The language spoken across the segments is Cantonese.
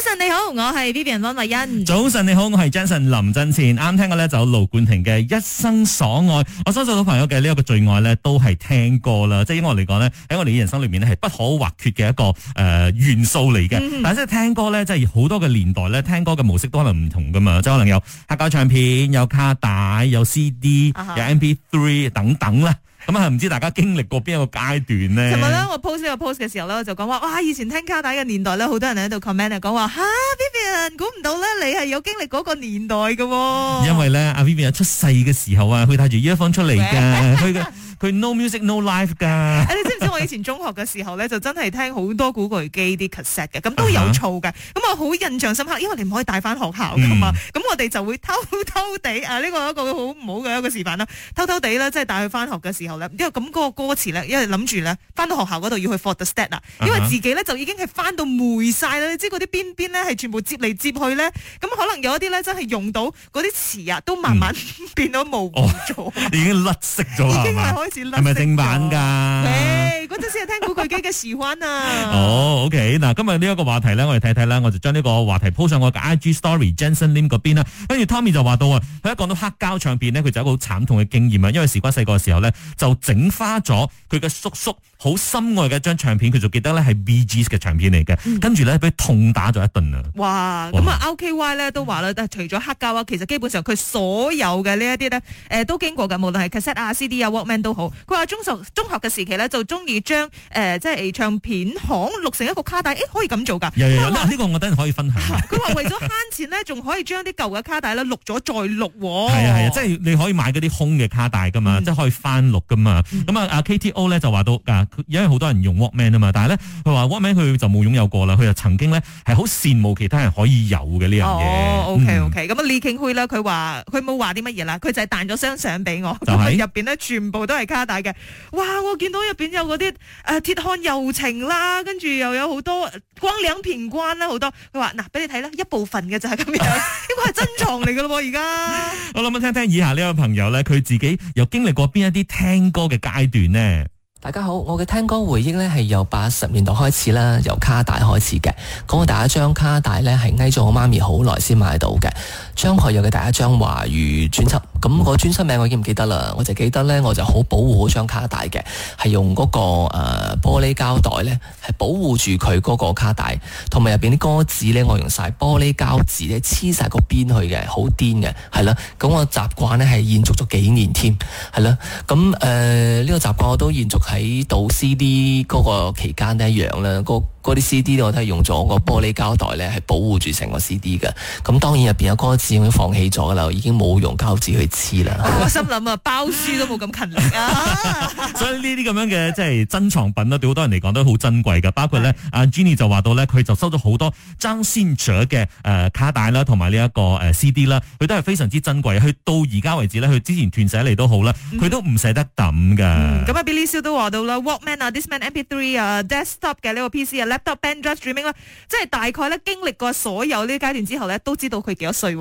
早晨你好，我係 Vivian 方慧欣。早晨你好，我係 Jensen 林振倩。啱聽嘅咧就盧冠廷嘅一生所愛。我相信到朋友嘅呢一個最愛咧都係聽歌啦。即係對我嚟講咧，喺我哋人生裏面咧係不可或缺嘅一個誒、呃、元素嚟嘅、嗯。但係即係聽歌咧，即係好多嘅年代咧，聽歌嘅模式都可能唔同噶嘛。即係可能有黑膠唱片、有卡帶、有 C D、有 M P three 等等啦。咁係唔知大家經歷過邊一個階段咧？琴日咧，我 post 呢個 post 嘅時候咧，就講話哇，以前聽卡帶嘅年代咧，好多人喺度 comment 啊，講話哈 Vivian，估唔到咧，你係有經歷嗰個年代㗎喎。因為咧，阿、啊、Vivian 出世嘅時候啊，佢帶住 earphone 出嚟㗎。佢嘅佢 no music no life 噶。啊，你知因為我以前中學嘅時候呢，就真係聽好多古巨基啲 cassette 嘅，咁都有錯嘅。咁、uh -huh. 我好印象深刻，因為你唔可以帶返學校㗎嘛。咁、mm. 我哋就會偷偷地啊，呢、呢個一個好唔好嘅一個示範啦。偷偷地咧，即係帶回去返學嘅時候咧，因為咁個歌詞呢，因為諗住呢，返到學校嗰度要去 forget 嗰 set 啦。Uh -huh. 因為自己呢，就已經係返到黴晒啦，你知嗰啲邊邊呢，係全部接嚟接去呢。咁可能有一啲呢，真係用到嗰啲詞啊，都慢慢、mm. 變到模糊咗、oh. 已經甩色咗，已經係開始甩色。係嗰陣先係聽古巨基嘅時歡啊！哦、 oh,，OK，嗱，今日呢一個話題咧，我哋睇睇啦，我就將呢個話題鋪上我嘅 IG Story Jensen Lim 嗰邊啦。跟住 Tommy 就話到啊，佢一講到黑膠唱片咧，佢就有一個好慘痛嘅經驗啊，因為事關細個嘅時候咧，就整花咗佢嘅叔叔。好深愛嘅一張唱片，佢就記得咧係 BGs 嘅唱片嚟嘅，跟住咧俾痛打咗一頓啊！哇！咁啊，OKY 咧都話咧，但係除咗黑膠啊，其實基本上佢所有嘅呢一啲咧，誒都經過嘅，無論係 cassette 啊、CD 啊、Walkman 都好。佢話中熟中學嘅時期咧，就鍾意將誒即係唱片行錄成一個卡帶，誒可以咁做㗎。有有啦，呢個我等陣可以分享。佢話為咗慳錢咧，仲可以將啲舊嘅卡帶咧錄咗再錄喎。係啊係啊，即係你可以買嗰啲空嘅卡帶㗎嘛，即係可以翻錄㗎嘛。咁啊啊 KTO 咧就話到啊～因為好多人用 Walkman 啊嘛，但係咧佢話 Walkman 佢就冇擁有過啦，佢就曾經咧係好羨慕其他人可以有嘅呢樣嘢。OK OK，咁、嗯、啊李慶輝咧，佢話佢冇話啲乜嘢啦，佢就係彈咗張相俾我，入邊咧全部都係卡帶嘅。哇，我見到入邊有嗰啲誒鐵漢柔情啦，跟住又有好多光良品冠啦好多。佢話嗱俾你睇啦，一部分嘅就係咁樣，應該係珍藏嚟噶咯喎而家。我諗諗聽聽以下呢位朋友咧，佢自己又經歷過邊一啲聽歌嘅階段呢？大家好，我嘅聽歌回憶呢係由八十年代開始啦，由卡帶開始嘅。嗰個第一張卡帶呢係呓咗我媽咪好耐先買到嘅，張學友嘅第一張華語專輯。咁、那個專輯名我已唔記得啦，我就記得呢，我就保護好保護好張卡帶嘅，係用嗰、那個、呃、玻璃膠袋呢，係保護住佢嗰個卡帶，同埋入面啲歌詞呢，我用晒玻璃膠紙呢，黐晒個邊去嘅，好癲嘅，係啦。咁我習慣呢，係延續咗幾年添，係啦。咁誒呢個習慣我都延續喺導師啲嗰個期間一樣啦，那個嗰啲 CD 我都係用咗我個玻璃膠袋咧，係保護住成個 CD 嘅。咁當然入邊有歌詞，已經放棄咗啦，已經冇用膠紙去黐啦。 我心諗啊，包書都冇咁勤力啊。 所以呢啲咁樣嘅即係珍藏品啦，對好多人嚟講都好珍貴嘅。包括咧，阿 Jenny、啊、就話到咧，佢就收咗好多爭先者嘅誒卡帶啦，同埋呢一個誒 CD 啦，佢都係非常之珍貴。佢到而家為止咧，佢之前斷捨離都好啦，佢都唔捨得抌㗎。咁阿 Billy 笑都話到啦，Walkman 啊，This Man MP3 啊、uh,，Desktop 嘅呢個 PC 啊。得 band dreaming 啦，即係大概咧，經歷過所有呢階段之後咧，都知道佢幾多歲。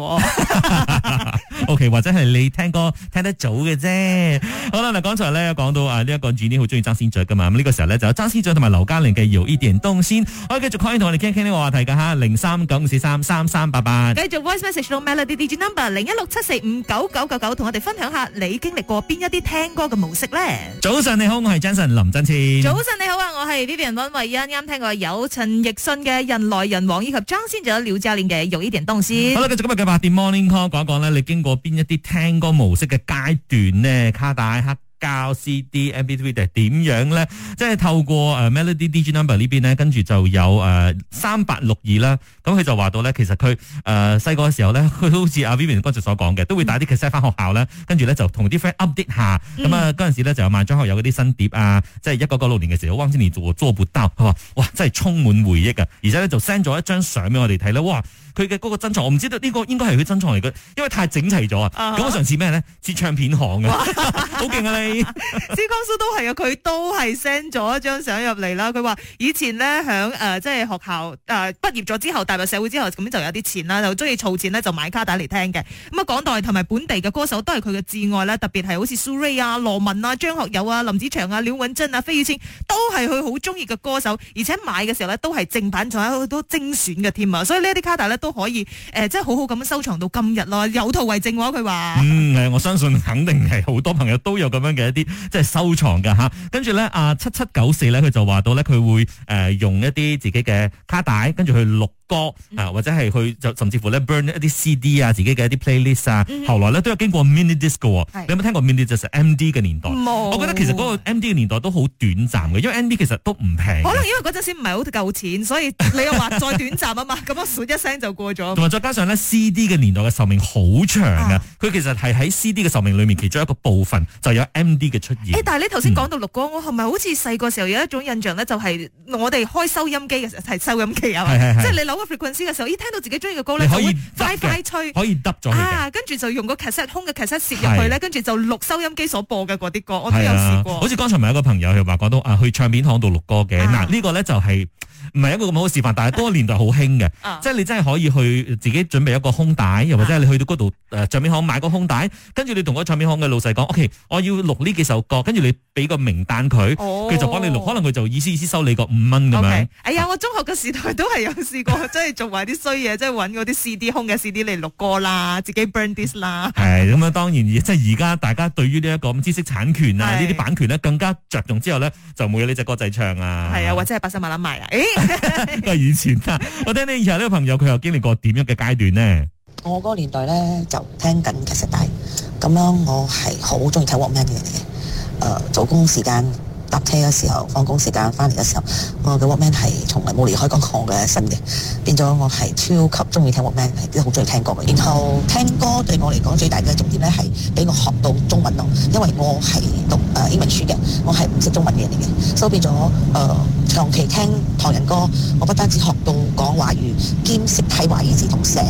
O K，或者係你聽歌聽得早嘅啫。好啦，嗱，剛才咧講到啊呢一個主呢好中意張先爵噶嘛，咁呢個時候咧就張仙爵同埋劉嘉玲嘅姚一點動心，可以繼續跨越同我哋傾一傾呢個話題噶吓，零三九五四三三三八八，繼續 voice message 到 melody digit number 零一六七四五九九九九，同我哋分享下你經歷過邊一啲聽歌嘅模式咧。早上你好，我係 Jason 林振詞。早上你好啊，我係 Vivian 温慧欣，啱聽過。有陳奕迅嘅人來人往，以及張先仲有廖教練嘅有一點東西，嗯。好啦，繼續今日嘅八點 morning call，講一講咧，你經過邊一啲聽歌模式嘅階段咧？卡戴克。教 CD、MP3 定係點樣咧？即係透過誒 melody、DJ number 呢邊咧，跟住就有誒三八六二啦。咁、呃、佢就話到咧，其實佢誒細個嘅時候咧，佢好似阿 Vivian 嗰陣所講嘅，都會帶啲 cassette 翻學校咧、嗯，跟住咧就同啲 friend up 啲下。咁啊嗰陣時咧就有萬張學友嗰啲新碟啊，即係一九九六年嘅時候，汪 o 年 g Chin l 做做撥刀，佢話哇真係充滿回憶啊！而且咧就 send 咗一張相俾我哋睇咧，哇！佢嘅嗰個珍藏，我唔知道呢個應該係佢珍藏嚟嘅，因為太整齊咗啊。咁、uh -huh. 我上次咩咧？似唱片行嘅， 好勁啊你！珠江叔都係啊，佢都係 send 咗一張相入嚟啦。佢話以前咧響誒即係學校誒畢業咗之後踏入社會之後咁，就有啲錢啦，就中意儲錢咧就買卡帶嚟聽嘅。咁啊港台同埋本地嘅歌手都係佢嘅摯愛啦，特別係好似蘇芮啊、羅文啊、張學友啊、林子祥啊、廖詠珍啊、費玉清都係佢好中意嘅歌手。而且買嘅時候咧都係正版，仲有好多精選嘅添啊，所以呢啲卡帶咧都可以誒即係好好咁收藏到今日咯。有圖為證啊，佢話，嗯，我相信肯定係好多朋友都有咁樣。嘅一啲即係收藏㗎吓，跟住咧啊七七九四咧，佢就話到咧佢會誒用一啲自己嘅卡帶，跟住去錄歌啊，或者係去就甚至乎咧 burn 一啲 CD 啊，自己嘅一啲 playlist 啊，後來咧都有經過 mini disc 嘅。你有冇聽過 mini 就係 MD 嘅年代？冇。我覺得其實嗰個 MD 嘅年代都好短暫嘅，因為 MD 其實都唔平。可能因為嗰陣時唔係好夠錢，所以你又話再短暫啊嘛，咁樣噏一聲就過咗。同埋再加上咧 CD 嘅年代嘅壽命好長嘅，佢其實係喺 CD 嘅壽命裡面其中一個部分就有 M。啲嘅出現，但係你頭先講到錄歌，我係咪好似細個時候有一種印象咧？就係我哋開收音機嘅時候係收音機啊，係係係，即係你扭個 Frequency 嘅時候，咦，聽到自己中意嘅歌咧，可以快快吹，可以得咗啊，跟住就用個 cassette 空嘅 cassette 攝入去咧，跟住就錄收音機所播嘅嗰啲歌，我都有試過。啊、好似剛才咪有一個朋友又話講到啊，去唱片行度錄歌嘅嗱，呢、啊呢個咧就係唔係一個咁好示範，但係嗰個年代好興嘅，啊、即係你真係可以去自己準備一個空帶，又或者你去到嗰度誒唱片行買個空帶，跟住你同個唱片行嘅老細講，OK，我要錄。呢幾首歌，跟住你俾個名單佢，佢、oh. 就幫你錄，可能佢就意思意思收你個五蚊咁樣。Okay. 哎呀，我中學嘅時代 都係有試過，即係做埋啲衰嘢，即係搵嗰啲 C D 空嘅 C D 嚟錄歌啦，自己 burn this 啦。係咁樣，當然即係而家大家對於呢一個知識產權啊，呢啲版權咧更加着重之後咧，就冇有呢隻歌仔唱啊。係啊，或者係百事萬啦賣埋啊。誒、哎， 以前啊。 我聽你以前呢個朋友，佢又經歷過點樣嘅階段呢？我嗰個年代咧就聽緊其實大、就是咁樣我係好中意睇 Walkman 嘅人嚟嘅，做工時間搭車嘅時候，放工時間翻嚟嘅時候，我嘅 Walkman 係從嚟冇離開過我嘅身嘅，變咗我係超級中意聽 Walkman，係好中意聽歌嘅、嗯。然後聽歌對我嚟講最大嘅重點咧係俾我學到中文咯，因為我係讀英文書嘅，我係唔識中文嘅人嚟嘅，所以變咗誒、呃、長期聽唐人歌，我不單止學到講華語，兼識睇華語字同寫，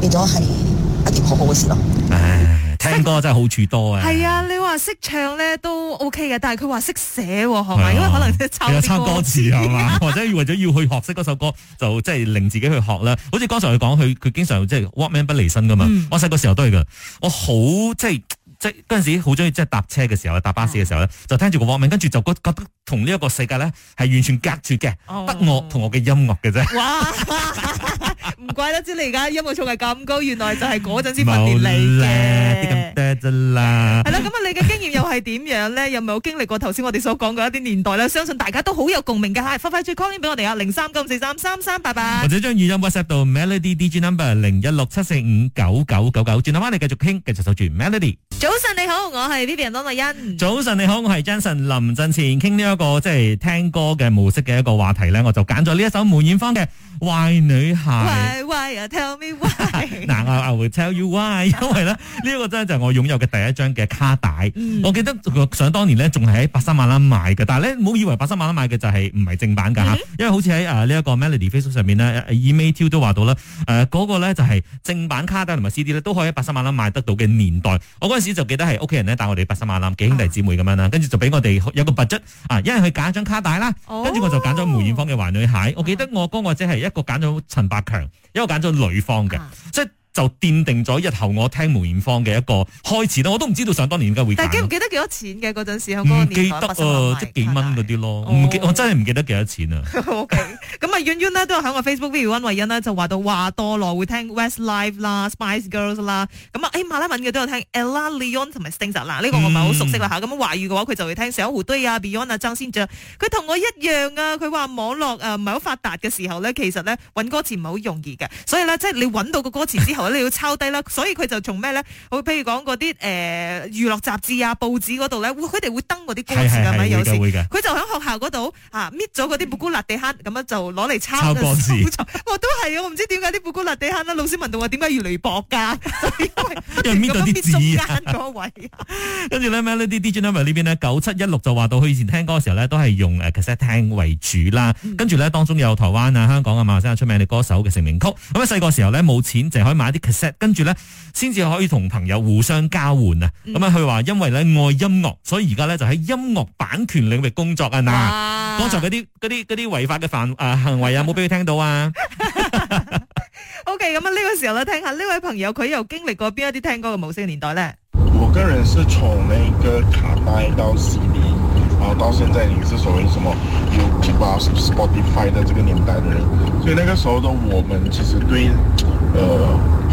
變咗係一件好好嘅事咯。嗯。聽歌真係好處多啊！係啊，你話識唱咧都 O K 嘅，但係佢話識寫，係咪、啊？因為可能抄啲歌詞啊嘛， 或者為咗要去學識嗰首歌，就即係令自己去學啦。好似剛才佢講，佢佢經常即係 Walkman 不離身噶嘛、嗯。我細個時候都係噶，我好即係即係嗰陣時好中意即係搭車嘅時候，搭巴士嘅時候咧，就聽住個 Walkman，跟住就覺覺得同呢一個世界咧係完全隔住嘅，得、哦、我同我嘅音樂嘅啫。哇 唔怪得知，你而家音樂仲係咁高，原來就係嗰陣先發掂你嘅，啲咁嗲啫啦。係啦，咁啊，你嘅經驗又係點樣咧？有冇經歷過頭先我哋所講嘅一啲年代咧？相信大家都好有共鳴嘅吓，快快將 call in 俾我哋啊，零三九五四三三三，八八。或者將語音 WhatsApp 到 Melody D J number 零一六七四五九九九九，轉頭翻嚟繼續傾，繼續守住 Melody。早晨你好，我係 P P M 麥欣。早晨你好，我係張信林振前。傾呢一個即係聽歌嘅模式嘅一個話題咧，我就揀咗呢一首梅艷芳嘅《壞女孩》。Why? Why? Tell me why. 嗱 ，I will tell you why，因為咧呢一 個真就係我擁有嘅第一張嘅卡帶。 我記得想當年呢，仲係喺八三萬啦買嘅，但係呢，唔好以為八三萬啦買嘅就係唔係正版㗎嚇、嗯，因為好似喺呢一個 Melody Facebook 上面呢、啊、E May Two 都話到啦，誒、啊、嗰、那個咧就係正版卡帶同埋 CD 都可以喺八三萬啦買得到嘅年代。我嗰陣時就記得係屋企人咧帶我哋八三萬啦，幾兄弟姊妹咁樣啦、啊，跟住就俾我哋有一個抉擇啊，一人去揀一張卡帶啦，跟住我就揀咗梅艷芳嘅《壞女孩》哦，我記得我哥我姐係一個揀咗陳百強，因為我揀咗女方嘅、啊，即係。就奠定咗日後我聽梅艷芳嘅一個開始啦！我都唔知道想當年點解會，但係記唔記得幾多錢嘅嗰陣時候？唔記得啊，即、那個呃呃、幾蚊嗰啲咯，唔、哦、記，我真係唔記得幾多錢啊 ！OK，咁啊，遠遠咧都有喺個 Facebook video 温 欣咧就話到話多咯，會聽 Westlife 啦、Spice Girls 啦，咁啊誒馬來文嘅都有聽 Ella Leon 同埋 Sting。嗱、這、呢個我唔係好熟悉啦吓，咁、嗯、華、啊、語嘅話佢就會聽、嗯、小虎隊啊、Beyond 啊、張信哲。佢同我一樣啊！佢話網絡啊唔係好發達嘅時候咧，其實咧揾歌詞唔係好容易嘅，所以咧即係你揾到個歌詞之後。 我你要抄低啦，所以佢就從咩咧？我譬如講嗰啲誒娛樂雜誌啊、報紙嗰度咧，會佢哋會登嗰啲歌詞嘅，係咪有時會㗎？佢就喺學校嗰度啊搣咗嗰啲布谷辣地坑，咁樣就攞嚟抄。抄歌詞，冇錯。我都係啊，我唔知點解啲布谷辣地坑咧，老師問到我點解越嚟越薄噶，因為搣咗啲字啊。跟住咧，咩咧啲 DJ 呢邊咧九七一六就話到，佢以前聽歌嘅時候咧，都係用誒其實聽為主啦。跟住咧，當中有台灣啊、香港啊、馬來西亞出名嘅歌手嘅成名曲。咁啊，細個嘅時候咧，冇錢淨可以買。跟住咧，先至可以同朋友互相交換啊！咁、嗯、啊，佢話因為咧愛音樂，所以而家咧就喺音樂版權領域工作啊！嗱、啊，剛才嗰啲嗰啲嗰啲違法嘅犯誒、啊、行為有冇俾佢聽到啊！OK，咁啊呢個時候咧，聽下呢位朋友佢又經歷過邊一啲聽歌嘅模式嘅年代咧？我個人是從那個卡帶到 CD，然後到現在你是所謂什麼 YouTube、啊、Spotify 的這個年代的人，所以那個時候的我們其實對，呃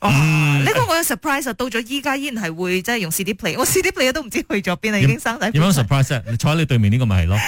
哇！呢、嗯、個我有 surprise 啊、嗯，到咗依家依然係會即係用 CD play，我 CD play 都唔知道去咗邊啦，已經生仔。有冇 surprise 啊？ 你坐喺你對面呢個咪係咯，啊、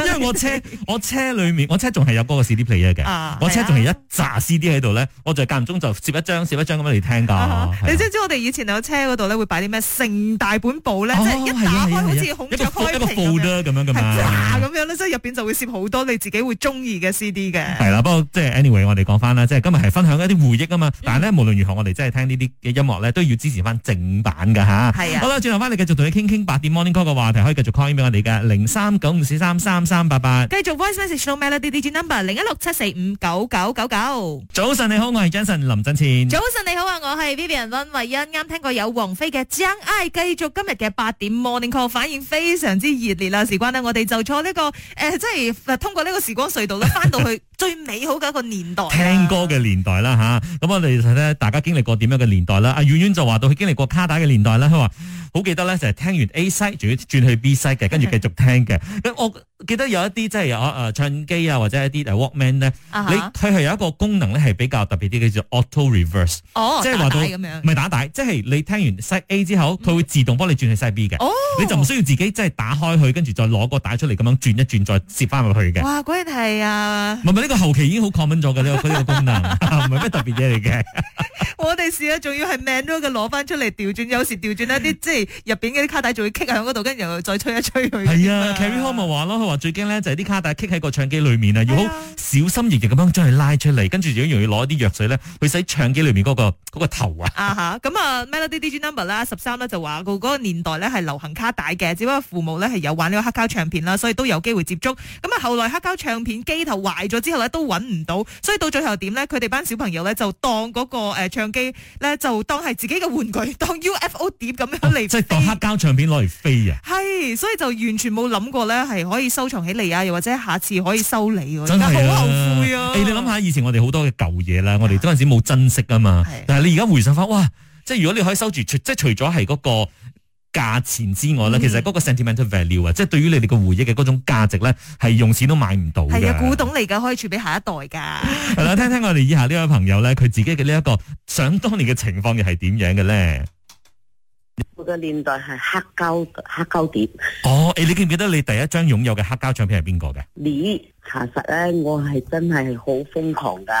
因為我車 我車裏面我車仲係有嗰個 CD play 嘅，我車仲係一紮 CD 喺度咧，我就間唔中就攝一張攝一張咁嚟聽噶、啊啊。你知唔知道我哋以前有車嗰度咧會擺啲咩成大本簿咧，哦、一打開好似、啊啊啊啊、孔雀開屏咁樣咁樣咁啊，咁樣咧，即係入邊就會攝好多你自己會中意嘅 CD 嘅。係啦、啊，不過即係 anyway，我哋講翻啦，即係今日係分享一啲回憶啊嘛，但係無論，如何我哋真係聽這些呢啲嘅音樂咧，都要支持翻正版噶吓。係啊，好啦，轉頭翻嚟繼續同你傾傾八點 Morning Call 嘅話題，可以繼續 call 俾我哋嘅零三九五四三三三八八，繼續 Voice Message 到 Melody Number 零一六七四五九九九九。早晨你好，我係張晨林振前。早晨你好啊，我係 Vivian 温慧欣。啱聽過有王菲嘅《將愛》，繼續今日嘅八點 Morning Call 反應非常之熱烈啦。事關呢，我哋就坐呢、這個誒，即、呃、係通過呢個時光隧道咧，翻到去。 最美好嘅一個年代，聽歌嘅年代啦吓，咁我哋睇睇大家經歷過點樣嘅年代啦？阿婉婉就話到佢經歷過卡帶嘅年代啦，佢話好記得咧，就係聽完 A side，仲要轉去 B side 嘅，跟住繼續聽嘅。 我。記得有一啲即係啊、呃、唱機啊或者一啲 Walkman 咧、啊，你佢係有一個功能咧係比較特別啲，叫做 Auto Reverse、哦、即係話到唔係打，打帶，即係你聽完 Side A 之後，佢會自動幫你轉去 Side B 嘅，你就唔需要自己即係打開佢，跟住再攞個帶出嚟咁樣轉一轉再折翻落去嘅。哇，果然係啊！唔係呢個後期已經好 common 咗嘅呢個呢個功能，唔係咩特別嘢嚟嘅。我哋試下仲要係命都嘅攞翻出嚟調轉，有時調轉一啲即係入邊嗰啲卡帶仲會棘響嗰度，跟住又再吹一吹佢。係啊咯。啊話最驚咧就係啲卡帶扱喺個唱機裏面啊，要好小心翼翼咁樣將佢拉出嚟，跟住仲要要攞啲藥水咧去洗唱機裏面嗰個嗰個頭啊。啊吓，咁啊《Melody Digi Number》啦，十三咧就話個年代咧係流行卡帶嘅，只不過父母咧係有玩呢個黑膠唱片啦，所以都有機會接觸。咁啊後來黑膠唱片機頭壞咗之後咧都揾唔到，所以到最後點咧，佢哋班小朋友咧就當嗰個誒唱機咧就當係自己嘅玩具，當 UFO 碟咁樣嚟，即、哦、係、即係、當黑膠唱片攞嚟飛啊。係，所以就完全冇諗過咧係可以。收藏起嚟啊，又或者下次可以收你，真係好後悔啊！啊欸、你諗下以前我哋好多嘅舊嘢啦，我哋嗰陣時冇珍惜啊嘛。係，但係你而家回想翻，哇！即係如果你可以收住，即係除咗係嗰個價錢之外咧，嗯，其實嗰個 sentimental value 啊，即係對於你哋嘅回憶嘅嗰種價值咧，係用錢都買唔到嘅。係啊，古董嚟噶，可以儲俾下一代噶。係 啦，聽聽我哋以下呢位朋友咧，佢自己嘅呢一個想當年嘅情況又係點樣嘅咧？我嘅年代係黑膠黑膠碟。哦，誒，你記唔記得你第一張擁有嘅黑膠唱片係邊個嘅？咦，查實咧，我係真係好瘋狂噶。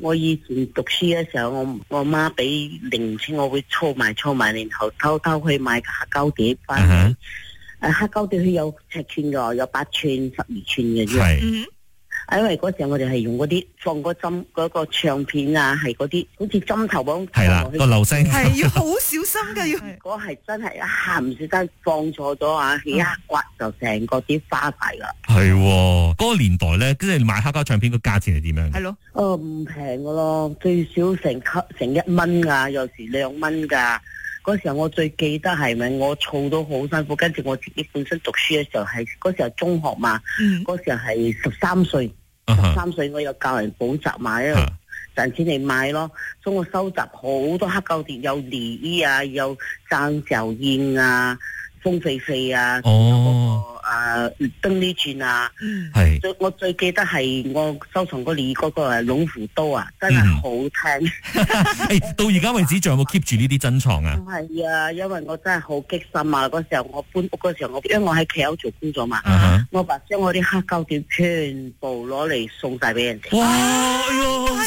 我以前讀書嘅時候，我我媽俾零錢，我會儲埋儲埋，然後，偷偷去買黑膠碟翻嚟，誒，uh-huh. 黑膠碟佢有尺寸噶，有八寸、十二寸嘅。因為嗰時候我哋係用嗰啲放個針嗰個唱片啊，係嗰啲好似針頭咁。係啦，個留聲係要好小心噶，要如果係真係一下唔小心放錯咗啊，一刮就成個啲花大啦。係嗰個年代咧，即係買黑膠唱片個價錢係點樣？係咯，哦唔平噶咯，最少成級成一蚊噶，有時兩蚊噶。嗰時候我最記得係咪？我儲到好辛苦，跟住我自己本身讀書嘅時候係嗰時候中學嘛，嗰時候係十三歲，十三歲我有教人補習埋，賺、uh -huh. 錢嚟買咯。所以我收集好多黑膠碟，有李儀啊，有鄭秀燕啊，鳳飛飛啊。Uh -huh. 誒，登呢轉啊，係最我最記得係我收藏嗰裏嗰個龍虎刀啊，真係好聽。到而家為止仲有冇 keep 住呢啲珍藏啊？係啊，因為我真係好激心啊！嗰時候我搬屋嗰時候，我因為我喺企樓做工作嘛，我話將我啲黑膠片全部攞嚟送晒俾人。哇，係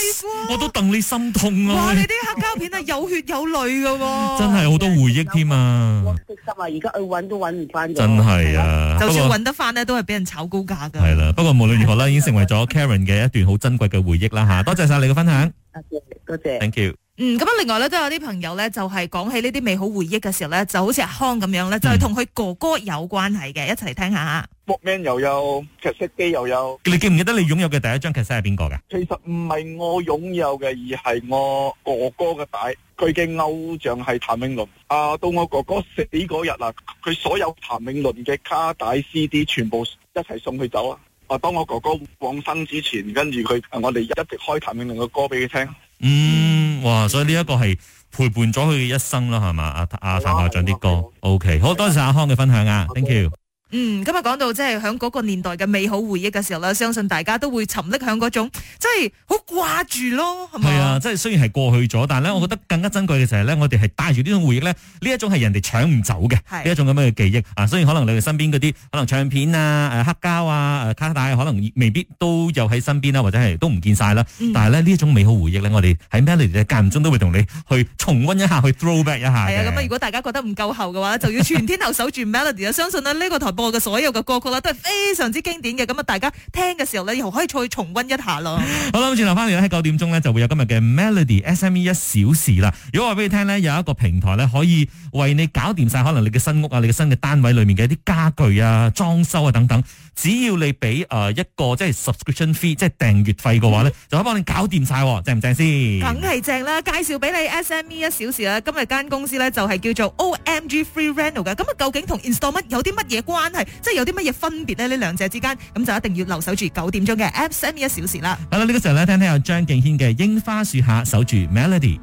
我都戥你心痛啊！哇，你啲黑膠片啊，有血有淚噶，真係好多回憶添啊！激心啊，而家去搵都搵唔翻咗。真係啊！就算揾得翻咧，都係俾人炒高價噶。係啦，不過無論如何啦，已經成為咗 Karen 嘅一段好珍貴嘅回憶啦吓。多謝晒你嘅分享。多謝，多謝。Thank you。嗯，咁啊，另外咧，都有啲朋友咧，就係、是、講起呢啲美好回憶嘅時候咧，就好似阿康咁樣咧，嗯，就係同佢哥哥有關係嘅，一齊嚟聽一下。Walkman 又有，卡式機又有。你記唔記得你擁有嘅第一張卡式係邊個嘅？其實唔係我擁有嘅，而係我哥哥嘅帶。佢嘅偶像係譚詠麟，啊到我哥哥死嗰日啊，佢所有譚詠麟嘅卡帶 CD 全部一齊送佢走啊！啊，當我哥哥往生之前，跟住佢，我哋一直開譚詠麟嘅歌俾佢聽。嗯，哇！所以呢一個係陪伴咗佢嘅一生啦，係嘛？阿阿譚校長啲歌，OK，好多謝阿康嘅分享啊，Thank you。嗯，今日講到即係響嗰個年代嘅美好回憶嘅時候咧，相信大家都會沉溺響嗰種，即係好掛住咯，係啊，即係雖然係過去咗，但係咧，我覺得更加珍貴嘅就係，咧、嗯，我哋係帶住呢種回憶咧，呢一種係人哋搶唔走嘅，呢一種咁嘅記憶啊。雖然可能你哋身邊嗰啲可能唱片啊、啊黑膠啊、啊、卡帶，可能未必都有喺身邊啦，或者係都唔見晒啦、嗯。但係咧呢一種美好回憶咧，我哋喺 Melody 間唔中都會同你去重溫一下，去 Throwback 一下。係啊，咁、啊、如果大家覺得唔夠厚嘅話，就要全天候守住 Melody 啊！相信咧呢個台。我嘅所有嘅歌曲啦，都係非常之經典嘅。咁啊，大家聽嘅時候咧，又可以再重溫一下咯。好啦，咁轉頭翻嚟咧，喺九點鐘咧就會有今日嘅 Melody SME 一小時啦。如果話俾你聽咧，有一個平台咧可以為你搞掂晒，可能你嘅新屋啊，你嘅新嘅單位裏面嘅一啲家具啊、裝修啊等等，只要你俾誒一個即係 subscription fee，即係訂閱費嘅話咧，就可以幫你搞掂晒，正唔正先？梗係正啦！介紹俾你 SME 一小時啦。今日間公司咧就係叫做 OMG Free Rental 嘅。咁啊，究竟同 installment 有啲乜嘢關係？真係，即係有啲乜嘢分別咧？呢兩者之間，咁就一定要留守住九點鐘嘅 FM 一小時啦。好啦，呢、這個時候咧，聽聽由張敬軒嘅《櫻花樹下》守住 melody。